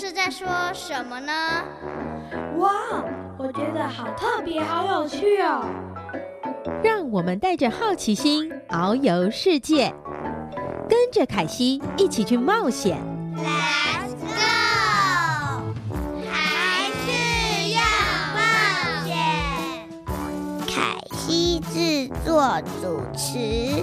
是在說什麼呢？哇，wow, 我覺得好特別，好有趣哦！讓我們帶着好奇心遨遊世界，跟着凱西一起去冒險。Let's go，還是要冒險。凱西製作主持。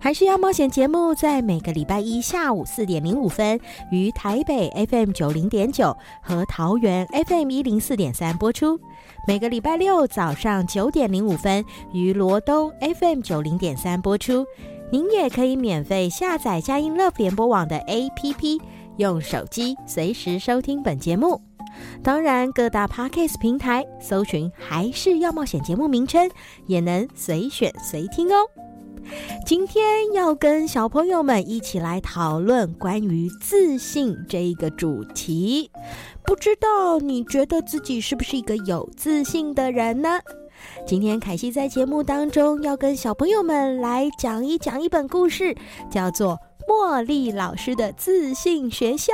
還是要冒險節目，在每個禮拜一下午四點零五分於臺北 FM 九零點九和桃園 FM 一零四點三播出；每個禮拜六早上九點零五分於羅東 FM 九零點三播出。您也可以免費下載佳音 Love 聯播網的 APP，用手機隨時收聽本節目。當然，各大 Podcast 平台搜尋“還是要冒險”節目名稱，也能隨選隨聽哦。今天要跟小朋友們一起來討論關於自信這一個主題，不知道你覺得自己是不是一個有自信的人呢？今天凱西在節目當中要跟小朋友們來講一講一本故事，叫做《莫莉老師的自信學校》。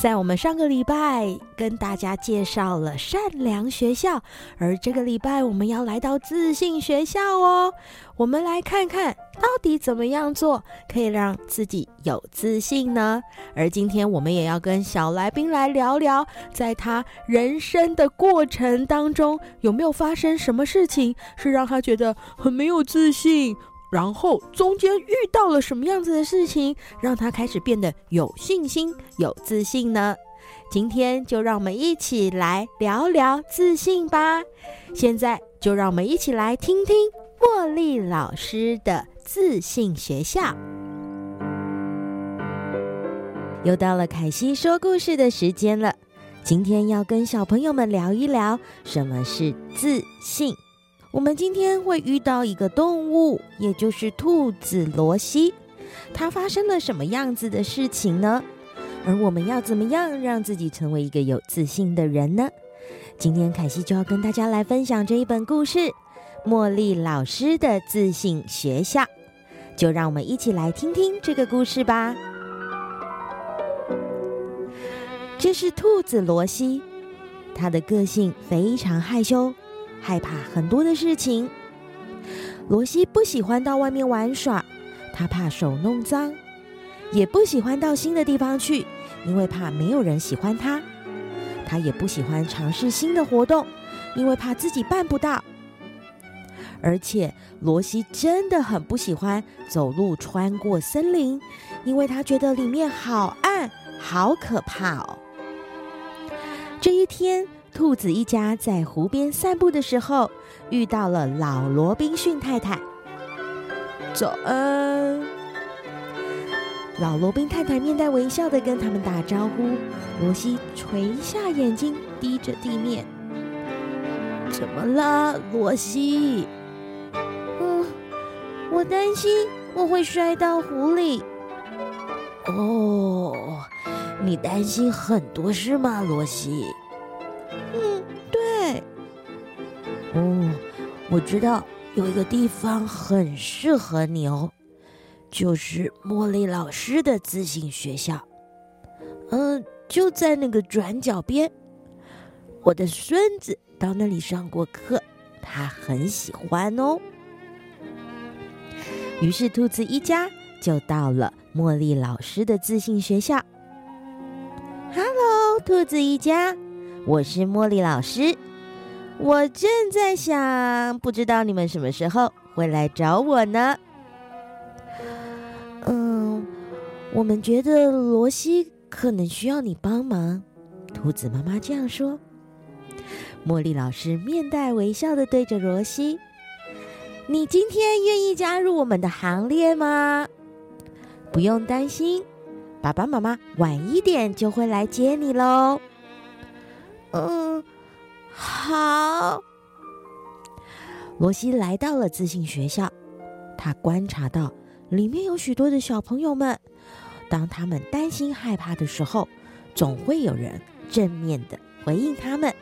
在我們上個禮拜跟大家介紹了善良學校，而這個禮拜我們要來到自信學校哦。我們來看看到底怎麼樣做可以讓自己有自信呢？而今天我們也要跟小來賓來聊聊，在他人生的過程當中有沒有發生什麼事情是讓他覺得很沒有自信。然後中間遇到了什麼樣子的事情，讓他開始變得有信心、有自信呢？今天就讓我們一起來聊聊自信吧。現在就讓我們一起來聽聽莫莉老師的自信學校。又到了凱西說故事的時間了，今天要跟小朋友們聊一聊什麼是自信。我們今天會遇到一個動物，也就是兔子羅西，它發生了什麼樣子的事情呢？而我們要怎麼樣讓自己成為一個有自信的人呢？今天凱西就要跟大家來分享這一本故事《莫莉老師的自信學校》，就讓我們一起來聽聽這個故事吧。這是兔子羅西，它的個性非常害羞。害怕很多的事情。羅西不喜歡到外面玩耍，他怕手弄髒，也不喜歡到新的地方去，因為怕沒有人喜歡他，他也不喜歡嘗試新的活動，因為怕自己辦不到。而且，羅西真的很不喜歡走路穿過森林，因為他覺得裡面好暗，好可怕哦。這一天。兔子一家在湖邊散步的時候，遇到了老羅賓遜太太。早安！老羅賓太太面帶微笑地跟他們打招呼。羅西垂下眼睛，低着地面。怎麼了，羅西？嗯，我擔心我會摔到湖裡。哦，你擔心很多事嗎，羅西？嗯，對。哦、嗯，我知道有一個地方很適合你哦，就是莫莉老師的自信學校。嗯，就在那個轉角邊。我的孫子到那裡上過課，他很喜歡哦。於是，兔子一家就到了莫莉老師的自信學校。Hello，兔子一家。我是莫莉老師，我正在想，不知道你們什麼時候會來找我呢？嗯，我們覺得羅西可能需要你幫忙。兔子媽媽這樣說。莫莉老師面帶微笑地對着羅西：“你今天願意加入我們的行列嗎？不用擔心，爸爸媽媽晚一點就會來接你嘍。”嗯，好。羅西來到了自信學校，他觀察到裡面有許多的小朋友們，當他們擔心害怕的時候，總會有人正面的回應他們。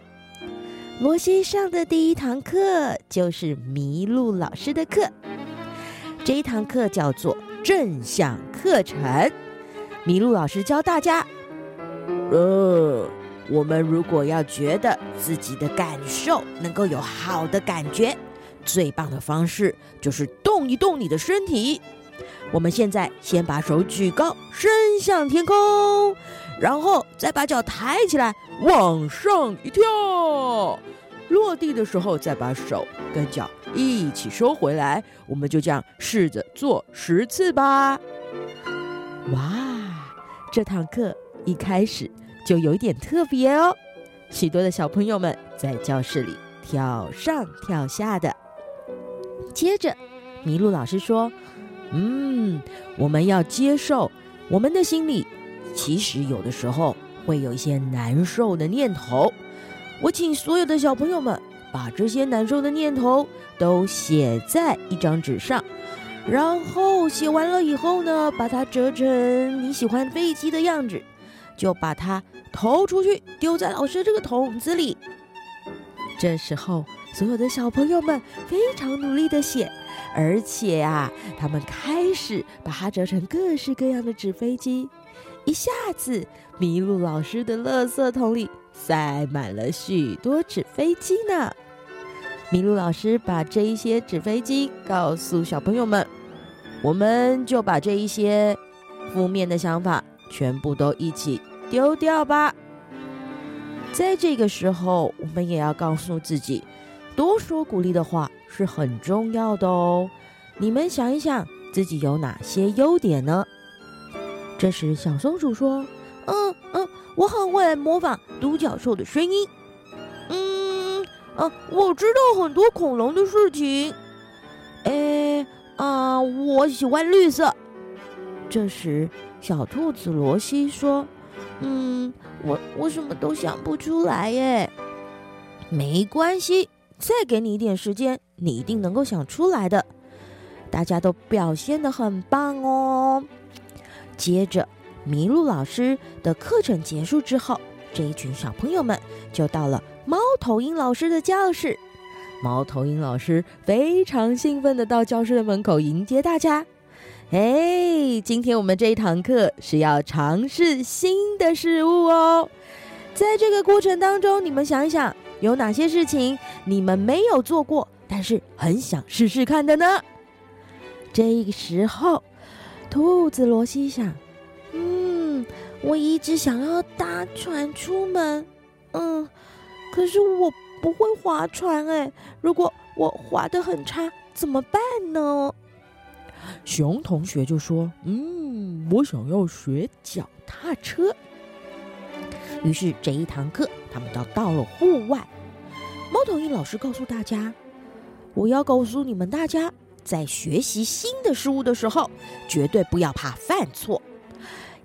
羅西上的第一堂課就是麋鹿老師的課，這一堂課叫做正向課程。麋鹿老師教大家，呃。我們如果要覺得自己的感受能夠有好的感覺，最棒的方式就是動一動你的身體。我們現在先把手舉高，伸向天空，然後再把腳抬起來，往上一跳。落地的時候再把手跟腳一起收回來。我們就這樣試着做十次吧。哇，這堂課一開始。就有一點特別哦，許多的小朋友們在教室裡跳上跳下的。接着，莫莉老師說：“嗯，我們要接受，我們的心裡其實有的時候會有一些難受的念頭。我請所有的小朋友們把這些難受的念頭都寫在一張紙上，然後寫完了以後呢，把它折成你喜歡飛機的樣子。”就把它投出去，丟在老師這個桶子裡。這時候，所有的小朋友們非常努力的寫，而且啊，他們開始把它折成各式各樣的紙飛機。一下子，莫莉老師的垃圾桶裡塞滿了許多紙飛機呢。莫莉老師把這一些紙飛機告訴小朋友們，我們就把這一些負面的想法。全部都一起丟掉吧。在這個時候，我們也要告訴自己，多說鼓勵的話是很重要的哦。你們想一想，自己有哪些優點呢？這時，小松鼠說：“嗯嗯，我很會來模仿獨角獸的聲音。嗯，啊，我知道很多恐龍的事情。哎，啊，我喜歡綠色。”這時，小兔子羅西說：“嗯，我我什麼都想不出來耶。沒關係，再給你一點時間，你一定能夠想出來的。大家都表現得很棒哦。”接着，麋鹿老師的課程結束之後，這一群小朋友們就到了貓頭鷹老師的教室。貓頭鷹老師非常興奮地到教室的門口迎接大家。哎，hey, 今天我們這一堂課是要嘗試新的事物哦。在這個過程當中，你們想一想，有哪些事情你們沒有做過，但是很想試試看的呢？這個時候，兔子羅西想：“嗯，我一直想要搭船出門，嗯，可是我不會划船哎，如果我划得很差，怎麼辦呢？”熊同學就說：“嗯，我想要學腳踏車。”於是這一堂課，他們都到了戶外。貓頭鷹老師告訴大家：“我要告訴你們大家，在學習新的事物的時候，絕對不要怕犯錯，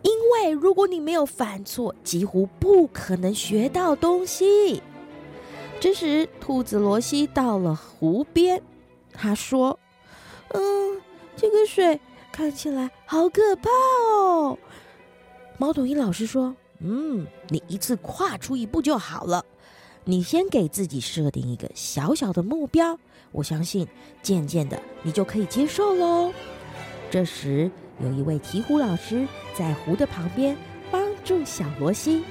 因為如果你沒有犯錯，幾乎不可能學到東西。”這時，兔子羅西到了湖邊，他說：“嗯。”這個水看起來好可怕哦！貓頭鷹老師說：“嗯，你一次跨出一步就好了。你先給自己設定一個小小的目標，我相信漸漸的你就可以接受嘍。”這時，有一位鵜鶘老師在湖的旁邊幫助小羅西。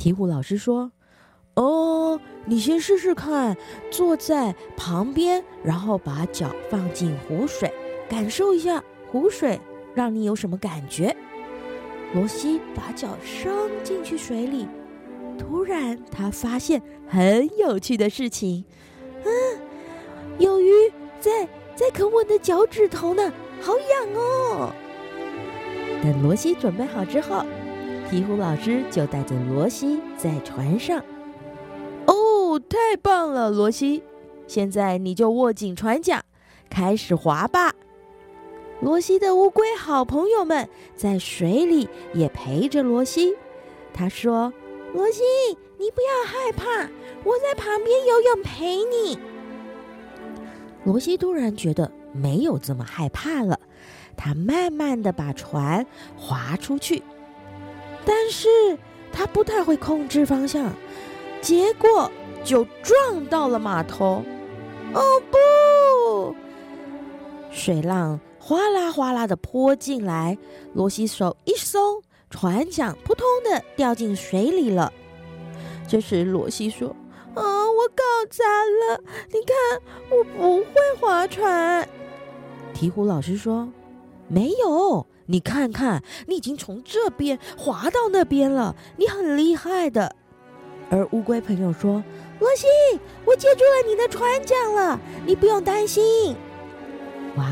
鵜鶘老師說：“哦，你先試試看，坐在旁邊，然後把腳放進湖水，感受一下湖水讓你有什麼感覺。”羅西把腳伸進去水裡，突然他發現很有趣的事情：“嗯，有魚在在啃我的腳趾頭呢，好癢哦！”等羅西準備好之後，鵜鶘老師就帶着羅西在船上。哦，太棒了，羅西！現在你就握緊船槳，開始划吧。羅西的烏龜好朋友們在水裡也陪着羅西。他說：“羅西，你不要害怕，我在旁邊游泳陪你。”羅西突然覺得沒有這麼害怕了，他慢慢的把船划出去。但是他不太會控制方向，結果就撞到了碼頭。哦不！水浪嘩啦嘩啦的潑進來，羅西手一鬆，船槳撲通的掉進水裡了。這時羅西說：“啊、哦，我搞砸了！你看，我不會划船。”鵜鶘老師說：“沒有。”你看看，你已經從這邊滑到那邊了，你很厲害的。而烏龜朋友說：“羅西，我接住了你的船槳了，你不用擔心。”哇，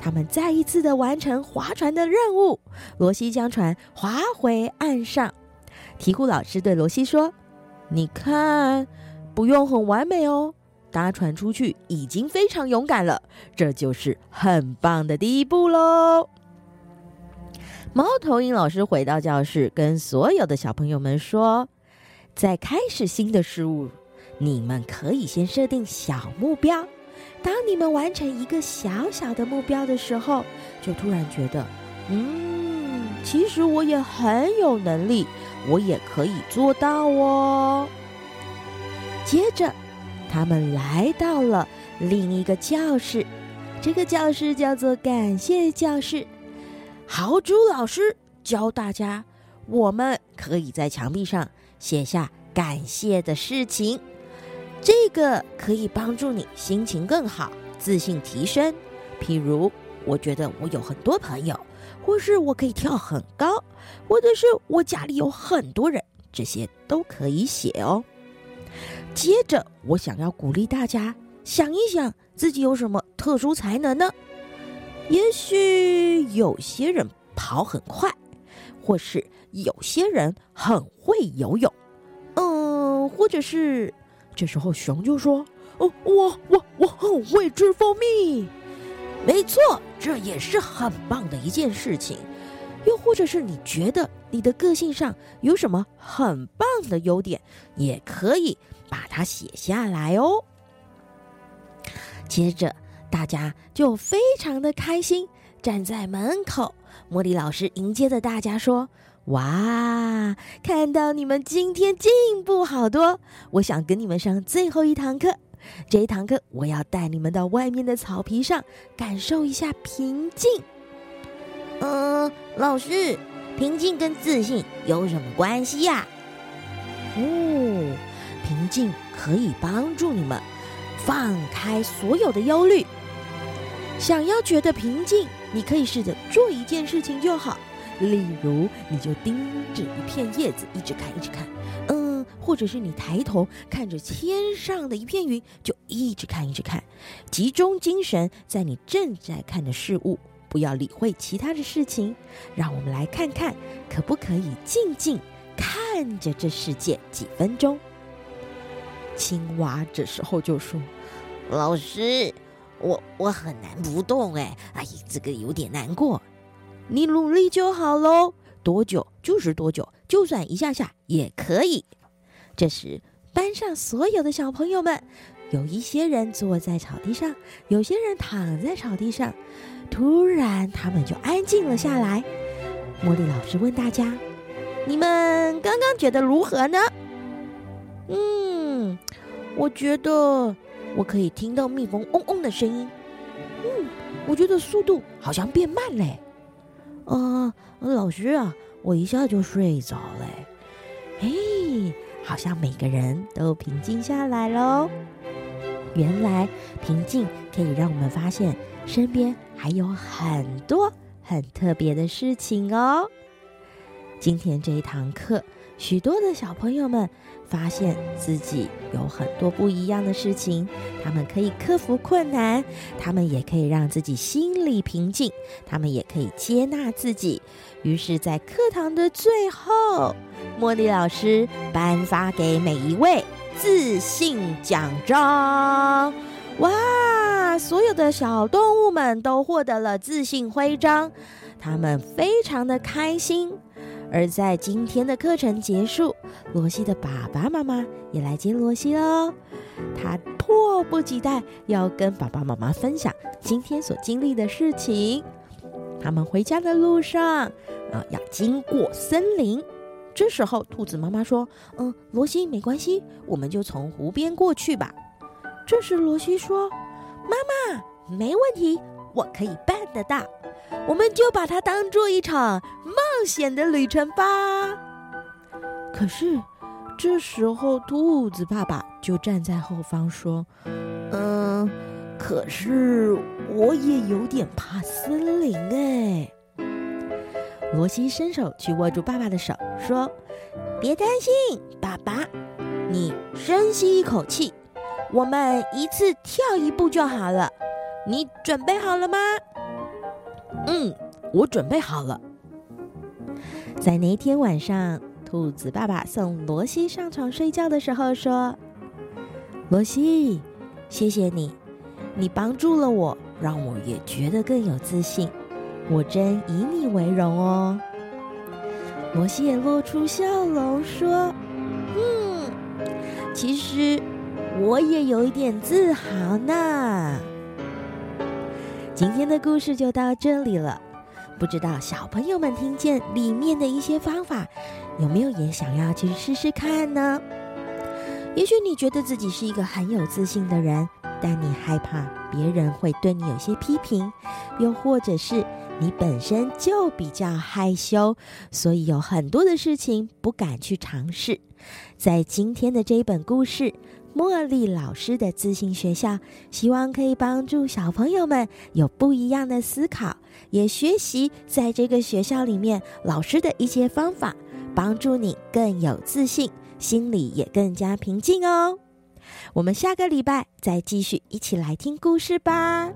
他們再一次的完成划船的任務。羅西將船划回岸上。提庫老師對羅西說：“你看，不用很完美哦，搭船出去已經非常勇敢了，這就是很棒的第一步嘍。”貓頭鷹老師回到教室，跟所有的小朋友們說：“在開始新的事物，你們可以先設定小目標。當你們完成一個小小的目標的時候，就突然覺得，嗯，其實我也很有能力，我也可以做到哦。”接着，他們來到了另一個教室，這個教室叫做感謝教室。好，豪豬老師教大家，我們可以在牆壁上寫下感謝的事情，這個可以幫助你心情更好，自信提升。譬如，我覺得我有很多朋友，或是我可以跳很高，或者是我家裡有很多人，這些都可以寫哦。接着，我想要鼓勵大家，想一想自己有什麼特殊才能呢？也許有些人跑很快，或是有些人很會游泳，嗯，或者是這時候熊就說：“哦、嗯，我我我很會吃蜂蜜。”沒錯，這也是很棒的一件事情。又或者是你覺得你的個性上有什麼很棒的優點，也可以把它寫下來哦。接着。大家就非常的開心，站在門口，莫莉老師迎接着大家說：“哇，看到你們今天進步好多，我想跟你們上最後一堂課。這一堂課我要帶你們到外面的草皮上，感受一下平靜。”“嗯、呃，老師，平靜跟自信有什麼關係呀、啊？”“哦，平靜可以幫助你們放開所有的憂慮。”想要覺得平靜，你可以試着做一件事情就好，例如你就盯着一片葉子一直看，一直看，嗯，或者是你抬頭看着天上的一片雲，就一直看，一直看，集中精神在你正在看的事物，不要理會其他的事情。讓我們來看看，可不可以靜靜看着這世界幾分鐘？青蛙這時候就說：“老師。”我我很難不動哎，哎，這個有點難過。你努力就好嘍，多久就是多久，就算一下下也可以。這時，班上所有的小朋友們，有一些人坐在草地上，有些人躺在草地上。突然，他們就安靜了下來。莫莉老師問大家：“你們剛剛覺得如何呢？”嗯，我覺得。我可以聽到蜜蜂嗡嗡的聲音，嗯，我覺得速度好像變慢嘞。啊、呃，老師啊，我一下就睡着嘞。嘿，好像每個人都平靜下來咯。原來平靜可以讓我們發現身邊還有很多很特別的事情哦。今天這一堂課。許多的小朋友們發現自己有很多不一樣的事情，他們可以克服困難，他們也可以讓自己心裡平靜，他們也可以接納自己。於是，在課堂的最後，莫莉老師頒發給每一位自信獎章。哇，所有的小動物們都獲得了自信徽章，他們非常的開心。而在今天的課程結束，羅西的爸爸媽媽也來接羅西嘍。他迫不及待要跟爸爸媽媽分享今天所經歷的事情。他們回家的路上啊，要經過森林。這時候，兔子媽媽說：“嗯，羅西，沒關係，我們就從湖邊過去吧。”這時，羅西說：“媽媽，沒問題。”我可以辦得到，我們就把它當做一場冒險的旅程吧。可是，這時候兔子爸爸就站在後方說：“嗯，可是我也有點怕森林哎。”羅西伸手去握住爸爸的手，說：“別擔心，爸爸，你深吸一口氣，我們一次跳一步就好了。”你準備好了嗎？嗯，我準備好了。在那天晚上，兔子爸爸送羅西上床睡覺的時候說：“羅西，謝謝你，你幫助了我，讓我也覺得更有自信。我真以你為榮哦。”羅西也露出笑容說：“嗯，其實我也有一點自豪呢。”今天的故事就到這裡了，不知道小朋友們聽見裡面的一些方法，有沒有也想要去試試看呢？也許你覺得自己是一個很有自信的人，但你害怕別人會對你有些批評，又或者是你本身就比較害羞，所以有很多的事情不敢去嘗試。在今天的這一本故事，莫莉老師的自信學校，希望可以幫助小朋友們有不一樣的思考，也學習在這個學校裡面老師的一些方法，幫助你更有自信，心裡也更加平靜哦。我們下個禮拜再繼續一起來聽故事吧。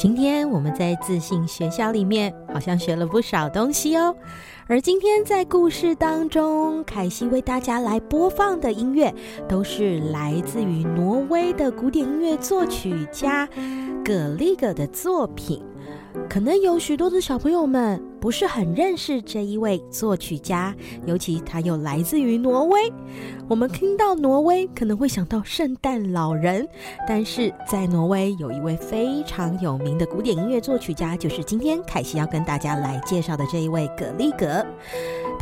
今天我們在自信學校裡面好像學了不少東西哦，而今天在故事當中，凱西為大家來播放的音樂都是來自於挪威的古典音樂作曲家葛利格的作品，可能有許多的小朋友們。不是很認識這一位作曲家，尤其他又來自於挪威。我們聽到挪威可能會想到聖誕老人，但是在挪威有一位非常有名的古典音樂作曲家，就是今天凱西要跟大家來介紹的這一位格里格。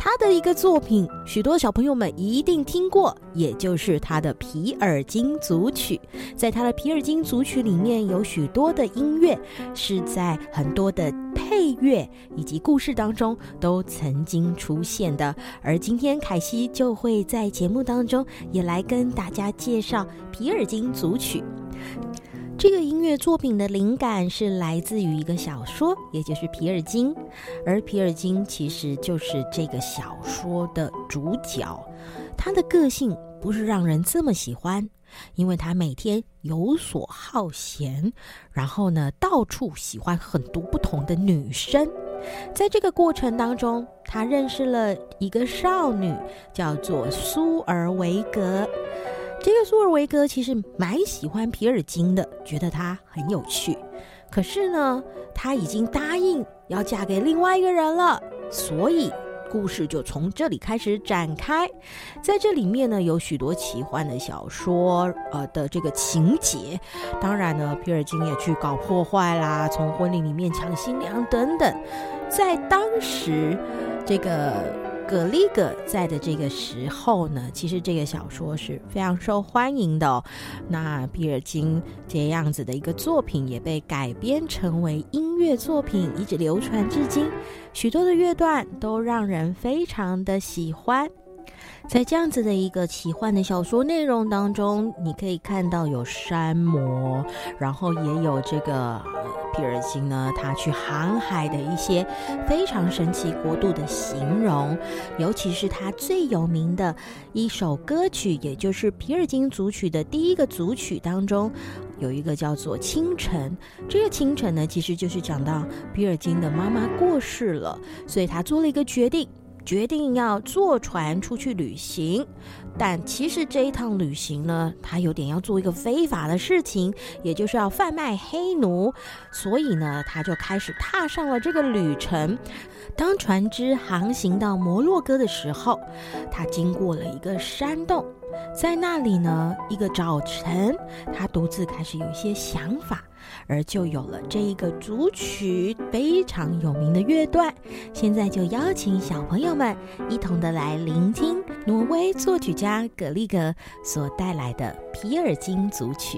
他的一個作品，許多小朋友們一定聽過，也就是他的《皮爾金組曲》。在他的《皮爾金組曲》裡面，有許多的音樂是在很多的配樂以及故事當中都曾經出現的。而今天凱西就會在節目當中也來跟大家介紹《皮爾金組曲》。這個音樂作品的靈感是來自於一個小說，也就是《皮爾金》，而皮爾金其實就是這個小說的主角。他的個性不是讓人這麼喜歡，因為他每天游手好閒，然後呢，到處喜歡很多不同的女生。在這個過程當中，他認識了一個少女，叫做蘇爾維格。這個蘇爾維格其實蠻喜歡皮爾金的，覺得他很有趣。可是呢，他已經答應要嫁給另外一個人了，所以故事就從這裡開始展開。在這裡面呢，有許多奇幻的小說呃的這個情節。當然呢，皮爾金也去搞破壞啦，從婚禮裡面搶新娘等等。在當時，這個。葛利格在的這個時候呢，其實這個小說是非常受歡迎的哦。那皮爾金這樣子的一個作品也被改編成為音樂作品，一直流傳至今，許多的樂段都讓人非常的喜歡。在這樣子的一個奇幻的小說內容當中，你可以看到有山魔，然後也有這個皮爾金呢，他去航海的一些非常神奇國度的形容，尤其是他最有名的一首歌曲，也就是皮爾金組曲的第一個組曲當中，有一個叫做《清晨》。這個《清晨》呢，其實就是講到皮爾金的媽媽過世了，所以他做了一個決定。決定要坐船出去旅行，但其實這一趟旅行呢，他有點要做一個非法的事情，也就是要販賣黑奴，所以呢，他就開始踏上了這個旅程。當船隻航行到摩洛哥的時候，他經過了一個山洞，在那裡呢，一個早晨，他獨自開始有一些想法。而就有了這一個組曲非常有名的樂段，現在就邀請小朋友們一同的來聆聽挪威作曲家葛利格所帶來的《皮爾金組曲》。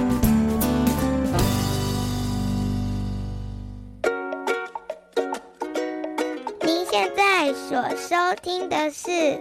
所收聽的是。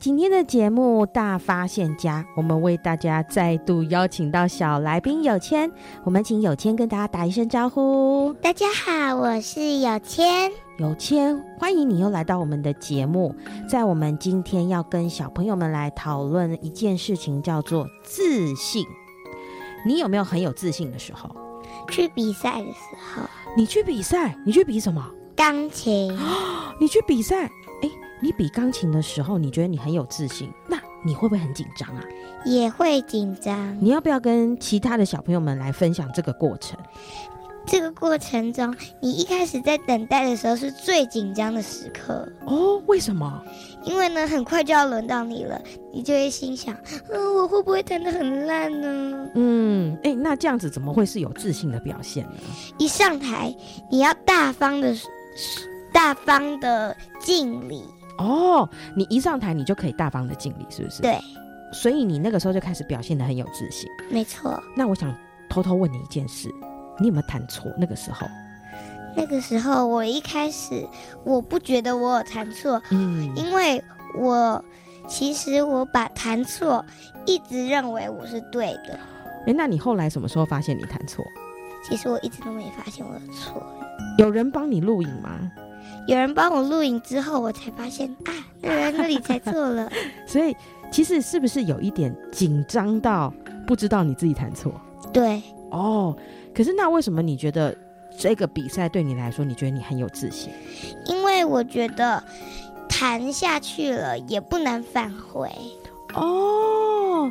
今天的節目《大發現家》，我們為大家再度邀請到小來賓友謙。我們請友謙跟大家打一聲招呼。大家好，我是友謙。友謙，歡迎你又來到我們的節目。在我們今天要跟小朋友們來討論一件事情，叫做自信。你有沒有很有自信的時候？去比賽的時候。你去比賽？你去比什麼？鋼琴。啊！你去比賽。你比鋼琴的時候，你覺得你很有自信，那你會不會很緊張啊？也會緊張。你要不要跟其他的小朋友們來分享這個過程？這個過程中，你一開始在等待的時候是最緊張的時刻哦。為什麼？因為呢，很快就要輪到你了，你就會心想：嗯、哦，我會不會彈得很爛呢？嗯，誒，那這樣子怎麼會是有自信的表現呢？一上台，你要大方的、大方的敬禮。哦，你一上台你就可以大方的敬禮，是不是？對，所以你那個時候就開始表現得很有自信。沒錯。那我想偷偷問你一件事，你有沒有彈錯？那個時候，那個時候我一開始我不覺得我有彈錯，嗯，因為我其實我把彈錯一直認為我是對的。哎，那你後來什麼時候發現你彈錯？其實我一直都沒發現我的錯。有人幫你錄影嗎？有人幫我錄影之後，我才發現啊，那人那裡才錯了。 所以其實是不是有一點緊張到不知道你自己彈錯？對。哦，oh, 可是那為什麼你覺得這個比賽對你來說，你覺得你很有自信？因為我覺得彈下去了也不能返回。哦，oh,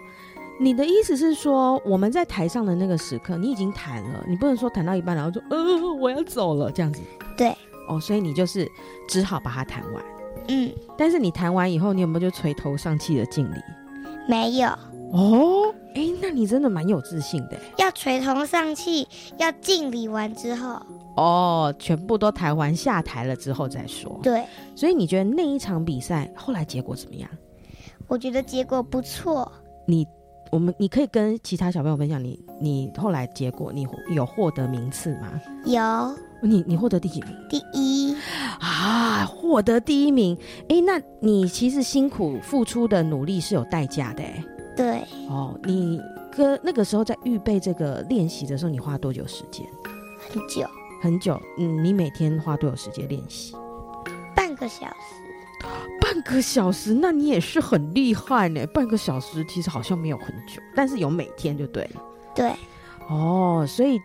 你的意思是說，我們在台上的那個時刻，你已經彈了，你不能說彈到一半，然後就呃，我要走了這樣子。對。哦，所以你就是只好把它彈完。嗯，但是你彈完以後，你有沒有就垂頭喪氣的敬禮？沒有。哦，哎、欸，那你真的蠻有自信的。要垂頭喪氣，要敬禮完之後。哦，全部都彈完下台了之後再說。對。所以你覺得那一場比賽後來結果怎麼樣？我覺得結果不錯。你，我們，你可以跟其他小朋友分享，你，你後來結果，你有獲得名次嗎？有。你你獲得第幾名？第一啊！獲得第一名。哎，那你其實辛苦付出的努力是有代價的欸。哎，對。哦，你哥那個時候在預備這個練習的時候，你花多久時間？很久。很久。嗯，你每天花多久時間練習？半個小時。半個小時？那你也是很厲害呢。半個小時其實好像沒有很久，但是有每天就對了。對。哦，所以。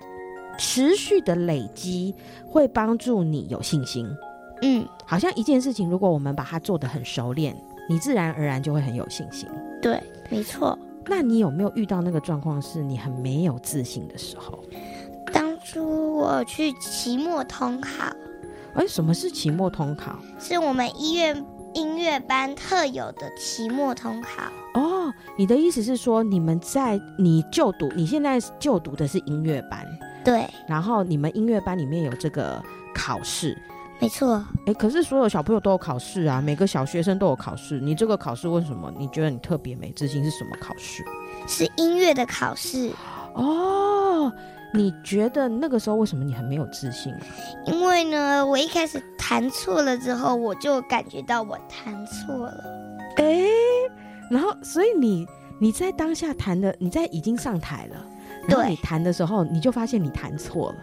持續的累積會幫助你有信心。嗯，好像一件事情，如果我們把它做得很熟練，你自然而然就會很有信心。對，沒錯。那你有沒有遇到那個狀況，是你很沒有自信的時候？當初我去期末通考。哎，什麼是期末通考？是我們音樂，音樂音樂班特有的期末通考。哦，你的意思是說，你們在你就讀，你現在就讀的是音樂班。對，然後你們音樂班裡面有這個考試，沒錯。哎，可是所有小朋友都有考試啊，每個小學生都有考試。你這個考試為什麼？你覺得你特別沒自信？是什麼考試？是音樂的考試。哦，你覺得那個時候為什麼你很沒有自信啊？因為呢，我一開始彈錯了之後，我就感覺到我彈錯了。哎，然後所以你你在當下彈的，你在已經上台了。你彈的時候，對你就發現你彈錯了。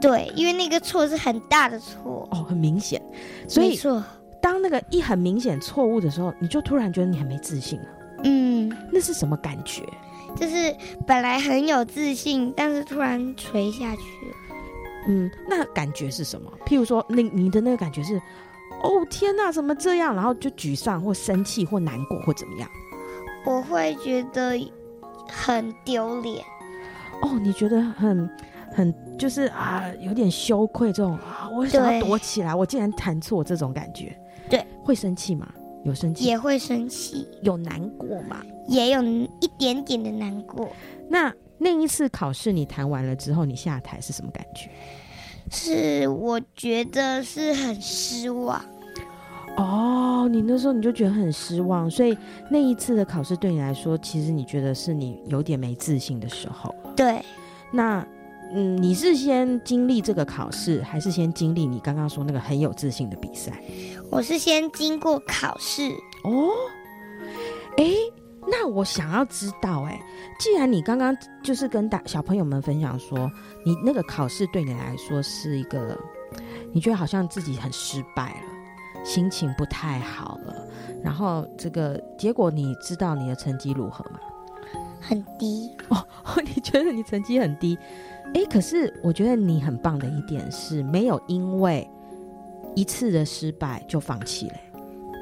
對，因為那個錯是很大的錯。哦，很明顯，所以錯當那個一很明顯錯誤的時候，你就突然覺得你很沒自信了。嗯，那是什麼感覺？就是本來很有自信，但是突然垂下去。嗯，那感覺是什麼？譬如說，那你，你的那個感覺是，哦天哪、啊，怎麼這樣？然後就沮喪，或生氣，或難過，或怎麼樣？我會覺得很丟臉。哦，你覺得很、很就是啊，有點羞愧這種啊，對我想要躲起來。我竟然彈錯，這種感覺，對，會生氣嗎？有生氣也會生氣，有難過嗎？也有一點點的難過。那那一次考試你彈完了之後，你下台是什麼感覺？是我覺得是很失望。哦，你那時候你就覺得很失望，所以那一次的考試對你來說，其實你覺得是你有點沒自信的時候。對，那嗯，你是先經歷這個考試，還是先經歷你剛剛說那個很有自信的比賽？我是先經過考試。哦，哎，那我想要知道，欸，哎，既然你剛剛就是跟大小朋友們分享說，你那個考試對你來說是一個，你覺得好像自己很失敗了。心情不太好了，然後這個結果你知道你的成績如何嗎？很低哦？哦，你覺得你成績很低？哎，可是我覺得你很棒的一點是沒有因為一次的失敗就放棄了。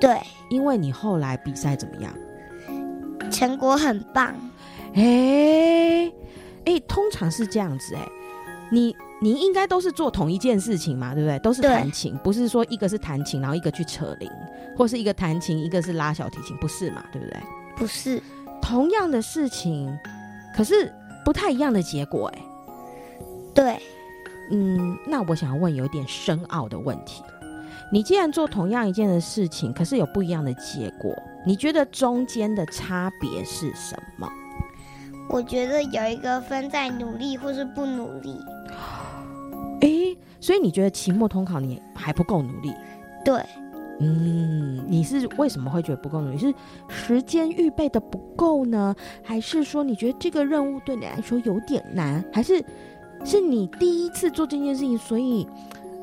對，因為你後來比賽怎麼樣？成果很棒。哎哎，通常是這樣子哎，你。你應該都是做同一件事情嘛，對不對？都是彈琴，對不是說一個是彈琴，然後一個去扯鈴，或是一個彈琴，一個是拉小提琴，不是嘛？對不對？不是，同樣的事情，可是不太一樣的結果哎。對，嗯，那我想要問有一點深奧的問題，你既然做同樣一件的事情，可是有不一樣的結果，你覺得中間的差別是什麼？我覺得有一個分在努力或是不努力。所以你覺得期末通考你還不夠努力？對，嗯，你是為什麼會覺得不夠努力？是時間預備的不夠呢，還是說你覺得這個任務對你來說有點難？還是是你第一次做這件事情，所以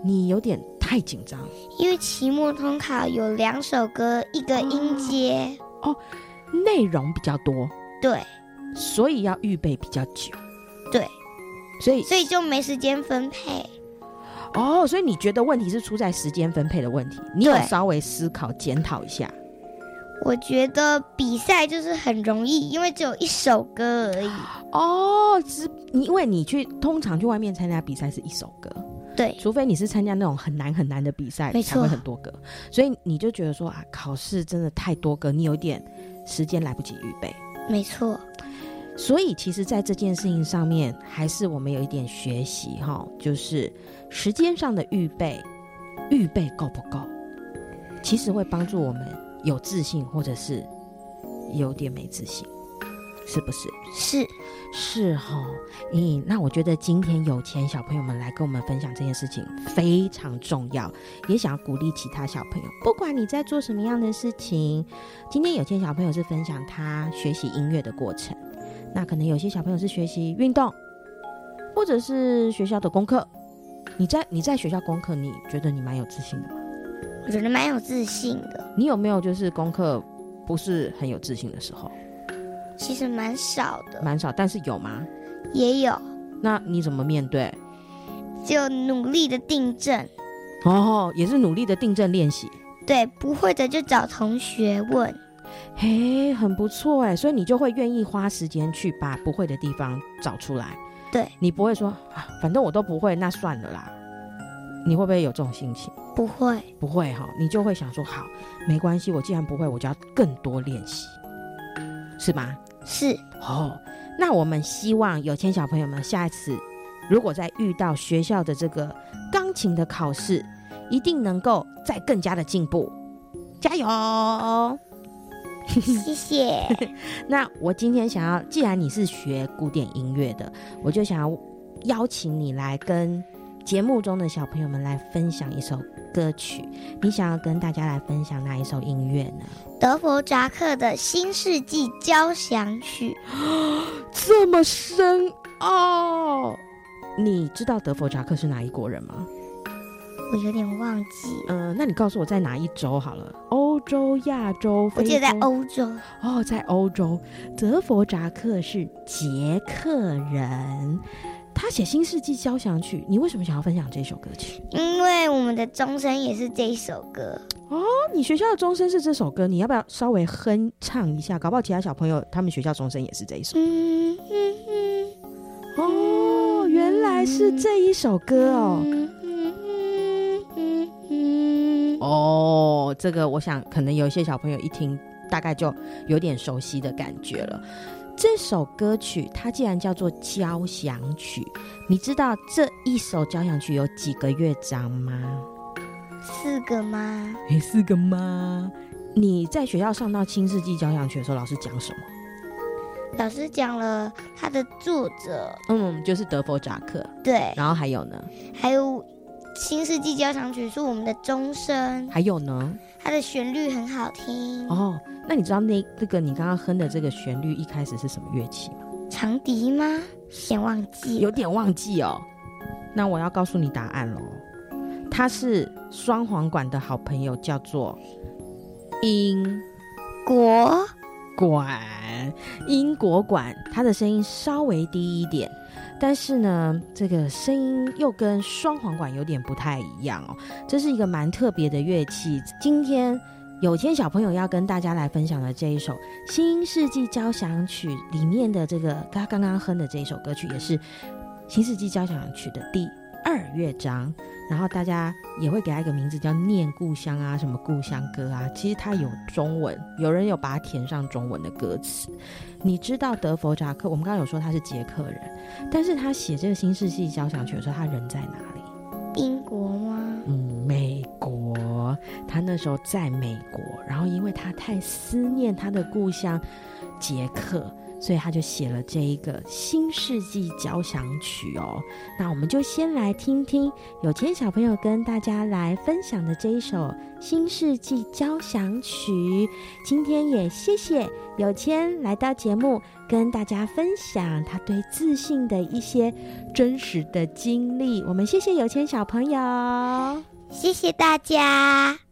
你有點太緊張？因為期末通考有兩首歌，一個音階哦，內容比較多，對，所以要預備比較久，對，所以所以就沒時間分配。哦，所以你覺得問題是出在時間分配的問題？你有稍微思考對檢討一下？我覺得比賽就是很容易，因為只有一首歌而已。哦，只因為你去通常去外面參加比賽是一首歌，對，除非你是參加那種很難很難的比賽，錯才會很多歌。所以你就覺得說，啊，考試真的太多歌，你有點時間來不及預備。沒錯，所以其實，在這件事情上面，還是我們有一點學習哈、哦，就是。時間上的預備，預備夠不夠，其實會幫助我們有自信，或者是有點沒自信，是不是？是是吼，瑩、嗯、那我覺得今天友謙小朋友們來跟我們分享這件事情非常重要，也想要鼓勵其他小朋友，不管你在做什麼樣的事情，今天友謙小朋友是分享他學習音樂的過程，那可能有些小朋友是學習運動，或者是學校的功課。你在你在學校功課，你覺得你蠻有自信的嗎？我覺得蠻有自信的。你有沒有就是功課不是很有自信的時候？其實蠻少的。蠻少，但是有嗎？也有。那你怎麼面對？就努力的訂正。哦，也是努力的訂正練習。對，不會的就找同學問。嘿，很不錯哎，所以你就會願意花時間去把不會的地方找出來。對，你不會說，啊，反正我都不會，那算了啦。你會不會有這種心情？不會，不會哈、哦，你就會想說好，沒關係，我既然不會，我就要更多練習，是嗎？是。哦，那我們希望友謙小朋友們下一次，如果再遇到學校的這個鋼琴的考試，一定能夠再更加的進步，加油！ 謝謝。 那我今天想要，既然你是學古典音樂的，我就想要邀請你來跟節目中的小朋友們來分享一首歌曲。你想要跟大家來分享哪一首音樂呢？德弗札克的新世紀交響曲， 這麼深奧哦。你知道德弗札克是哪一國人嗎？我有點忘記，嗯、呃，那你告訴我在哪一洲好了？歐洲、亞洲、非洲。我記得在歐洲。哦，在歐洲，德佛扎克是捷克人，他寫《新世紀交響曲》。你為什麼想要分享這首歌曲？因為我們的鐘聲也是這一首歌。哦，你學校的鐘聲是這首歌，你要不要稍微哼唱一下？搞不好其他小朋友他們學校鐘聲也是這一首。嗯嗯嗯、哦，原來是這一首歌哦。嗯嗯哦，這個我想可能有些小朋友一聽，大概就有點熟悉的感覺了。這首歌曲它既然叫做交響曲，你知道這一首交響曲有幾個樂章嗎？四個嗎？誒，四個嗎？你在學校上到《新世紀交響曲》的時候，老師講什麼？老師講了他的作者，嗯，就是德弗札克，對。然後還有呢？還有。《新世紀交響曲》是我們的鐘聲，還有呢？它的旋律很好聽哦。那你知道那那個你剛剛哼的這個旋律一開始是什麼樂器嗎？長笛嗎？先忘記，有點忘記哦。那我要告訴你答案嘍，它是雙簧管的好朋友，叫做英國管。英國管，它的聲音稍微低一點。但是呢，這個聲音又跟雙簧管有點不太一樣哦，這是一個蠻特別的樂器。今天友謙小朋友要跟大家來分享的這一首《新世紀交響曲》裡面的這個他剛剛哼的這一首歌曲，也是《新世紀交響曲》的第一。二樂章，然後大家也會給他一個名字，叫《念故鄉》啊，什麼故鄉歌啊。其實他有中文，有人有把它填上中文的歌詞。你知道德弗札克？我們剛剛有說他是捷克人，但是他寫這個新世紀交響曲的時候，他人在哪裡？英國嗎？嗯，美國。他那時候在美國，然後因為他太思念他的故鄉捷克。所以他就寫了這一個《新世紀交響曲》哦，那我們就先來聽聽友謙小朋友跟大家來分享的這一首《新世紀交響曲》。今天也謝謝友謙來到節目，跟大家分享他對自信的一些真實的經歷。我們謝謝友謙小朋友，謝謝大家。